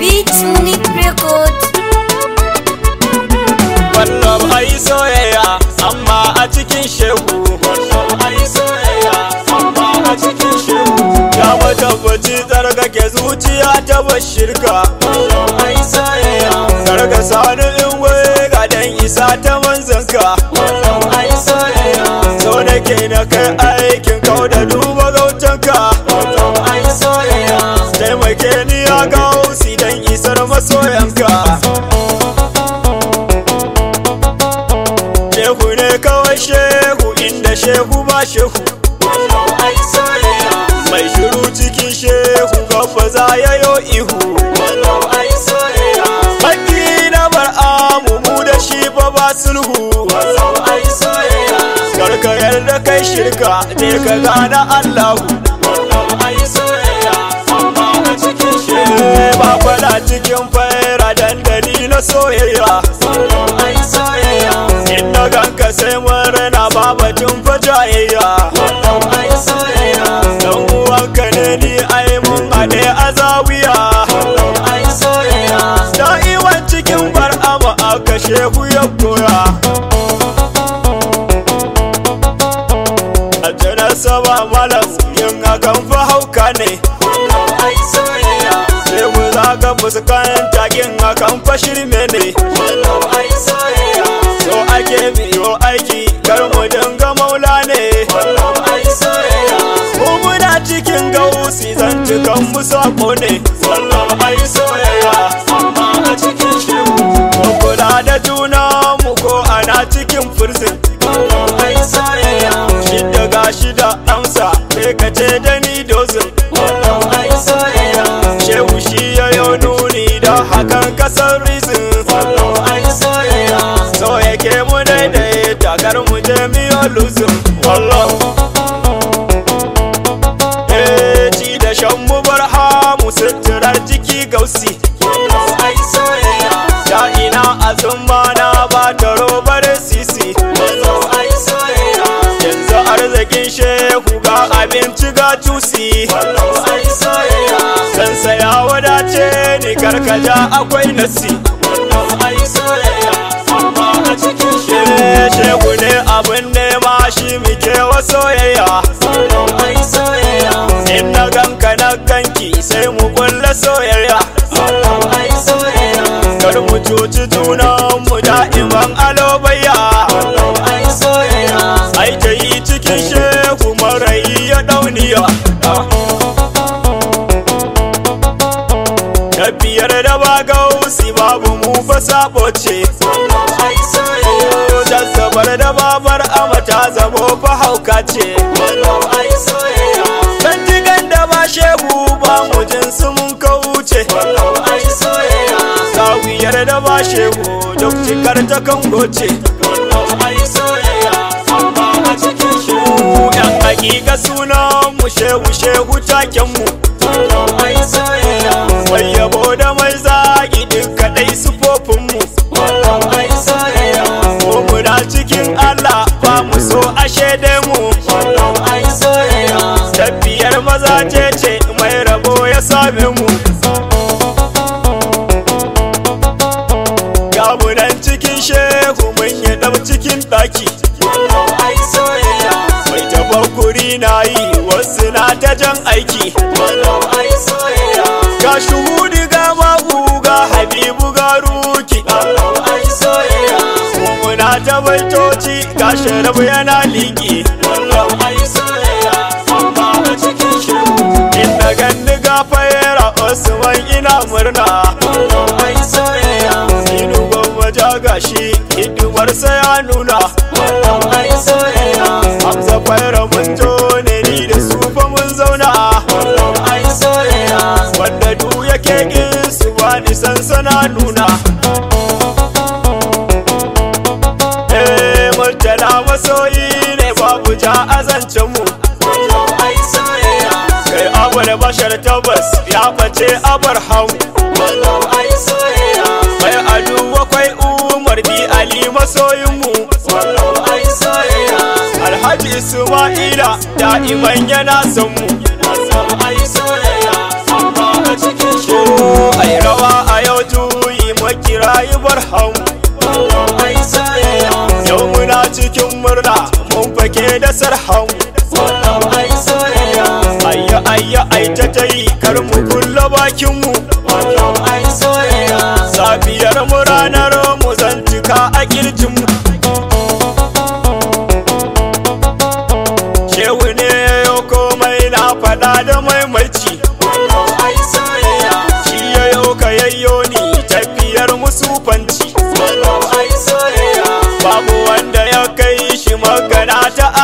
Beats Unique Records Wannan soyayya amma a cikin shehu soyayya amma a cikin shehu Ya matabbaci tsarkake zuciya ta bashirka Wannan ai soyayya ga dan isa ta manzanka kuka shehu ne kawai shehu inda shehu ba shehu mai shiru cikin shehu gaba za yayo ihu haƙi na bar'amu mu da shi ba ba sulhu karka da kai shirka ne ka gana allahu jayayya dan uwanka ne ni ai mun haɗe a zawiya da'iwan cikin bar'ama aka shehu ya koya a jirar sama malam yin hakan fa hauka ne sai mu zaga fuskanta yin hakan fa shirme ne so ake biyo aiki ne wannan ai soyayya amma a cikin shi mu kula da juna mu ko ana cikin furzin wannan ai soyayya shida ga shida amsa sai ka ce da ni dozin wannan ai soyayya shehu shi ya yo nuni da haka hausi ya ina zumba na ba ta robar sisi yanzu arzikin shehu ga abinci ga tusi sansa ya wadace ni karkaja akwai nasi shehu ne abin nema shi muke soyayya cuci junan mu da'iman alobaya ai ta yi cikin shehu marayi ya dauniya biyar da ba gausi babu mu fa sabo ce da babar amata zamo fa hauka ce ku yarda ba shehu duk cikar ta kan goce yan hakika sunan mu shehu shehu taken mu wai yabo da mai zagi duk kadai sufofin mu ko muna cikin Allah ba mu so ashe dai mu tafiyar maza ce ce mai rabo ya same mu Bakuri na yi wasu na ta jan aiki Ga shuhudi ga babu ga habibu ga ruki na ta baitoci ga sharabu yana liki Inda ganni ga fayera Usman ina murna Sinu gwamma ja gashi hidimarsa ya nuna Wallau ai soyayya kusa nuna eh murtala masoyi ne babu ja a mu kai abul bashar tabbas ya face abarham kai adu wakwai umar bi ali masoyin mu alhaji isma'ila Iman yana son mu ai ta ta yi kar mu kulla bakinmu safiyar mu ranar mu zantuka a kirjinmu shehu ne ya komai na faɗa da maimaici wannan shi ya ka yayyo ni tafiyar musu fanci babu wanda ya kai shi magana ta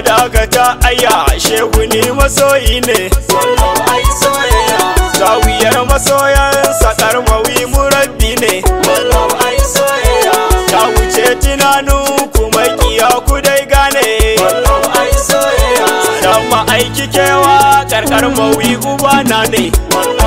na ta aya shehu ni masoyi ne zawiyar masoyan sakar mawi murabbi ne ta wuce tunanu kuma kiya ku dai gane ma ma'aikikewa kewa karkar mawi ubana ne